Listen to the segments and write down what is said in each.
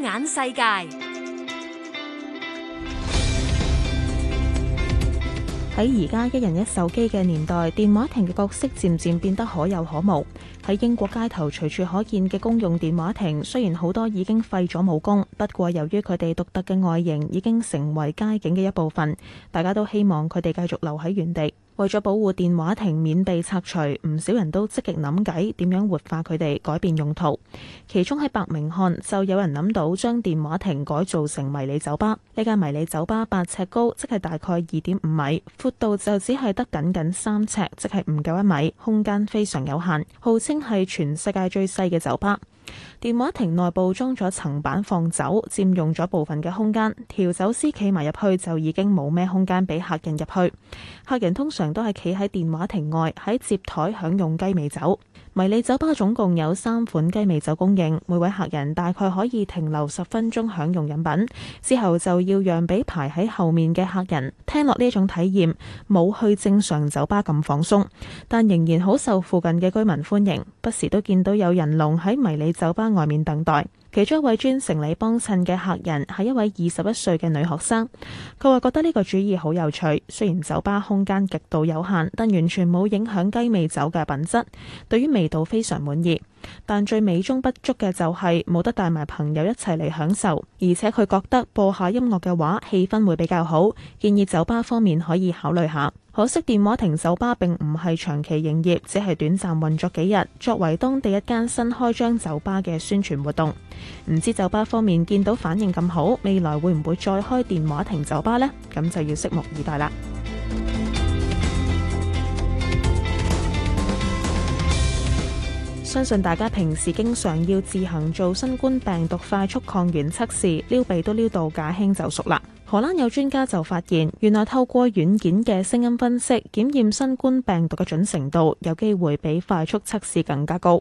眼世界，喺而家一人一手機嘅年代，電話亭嘅角色漸漸變得可有可無。喺英國街頭隨處可見嘅公用電話亭，雖然好多已經廢咗武功，不過由於佢哋獨特嘅外形已經成為街景嘅一部分，大家都希望佢哋繼續留喺原地。為咗保護電話亭免被拆除，唔少人都積極諗計，點樣活化佢哋，改變用途。其中喺伯明翰就有人諗到將電話亭改造成迷你酒吧。呢間迷你酒吧八尺高，即係大概二點五米，闊度就只係得僅僅三尺，即係唔夠一米，空間非常有限，號稱係全世界最細嘅酒吧。電話亭內部裝咗層板放酒，佔用咗部分嘅空間。調酒師企埋入去就已經冇咩空間俾客人入去。客人通常都係企喺電話亭外喺接台享用雞尾酒。迷你酒吧總共有三款雞尾酒供應，每位客人大概可以停留十分鐘享用飲品，之後就要讓俾排喺後面嘅客人。聽落呢種體驗冇去正常酒吧咁放鬆，但仍然好受附近嘅居民歡迎。不時都見到有人龍喺迷你酒。酒吧外面等待，其中一位專程嚟幫襯嘅客人係一位二十一歲嘅女學生。佢話覺得呢個主意好有趣，雖然酒吧空間極度有限，但完全冇影響雞尾酒嘅品質，對於味道非常滿意。但最美中不足嘅就係冇得帶埋朋友一齊嚟享受，而且佢覺得播下音樂嘅話氣氛會比較好，建議酒吧方面可以考慮下。可惜電話亭酒吧並唔係長期營業，只係短暫運作幾日，作為當地一間新開張酒吧嘅宣傳活動。唔知酒吧方面見到反應咁好，未來會唔會再開電話亭酒吧呢？咁就要拭目以待啦。相信大家平時經常要自行做新冠病毒快速抗原測試，撩鼻都撩到駕輕就熟啦。荷蘭有專家就發現，原來透過軟件嘅聲音分析，檢驗新冠病毒嘅準繩度，有機會比快速測試更加高。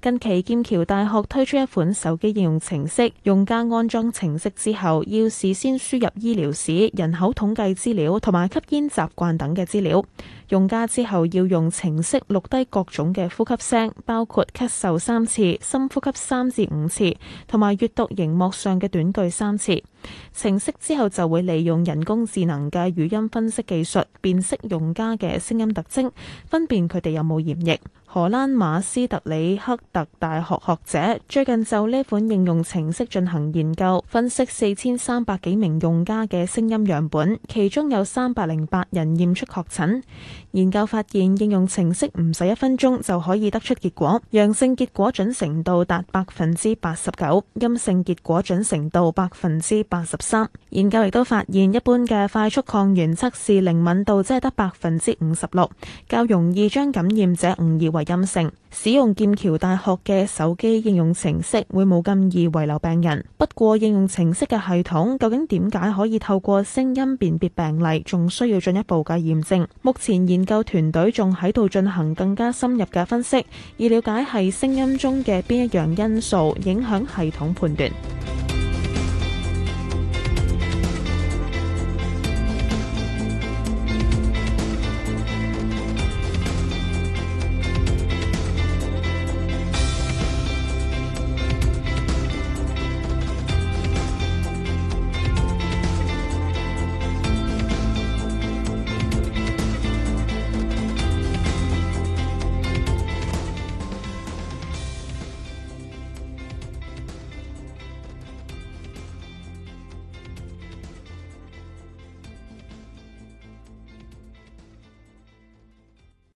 近期劍橋大學推出一款手機應用程式，用家安裝程式之後，要事先輸入醫療史、人口統計資料同埋吸煙習慣等嘅資料。用家之後要用程式錄低各種嘅呼吸聲，包括咳嗽三次、深呼吸三至五次，同埋閱讀熒幕上嘅短句三次。程式之後就會利用人工智能嘅語音分析技術，辨識用家嘅聲音特徵，分辨佢哋有冇染疫。荷蘭馬斯特里克特大學學者最近就呢款應用程式進行研究，分析四千三百幾名用家嘅聲音樣本，其中有三百零八人驗出確診。研究發現，應用程式唔使一分鐘就可以得出結果，陽性結果準繩度達百分之八十九，陰性結果準繩度百分之八十三。研究亦都發現，一般嘅快速抗原測試靈敏度即只係得百分之五十六，較容易將感染者誤以為。陰性，使用劍橋大學嘅手機應用程式會冇咁易遺留病人。不過應用程式嘅系統究竟點解可以透過聲音辨別病例，仲需要進一步嘅驗證。目前研究團隊仲喺度進行更加深入嘅分析，以了解係聲音中嘅邊一樣因素影響系統判斷。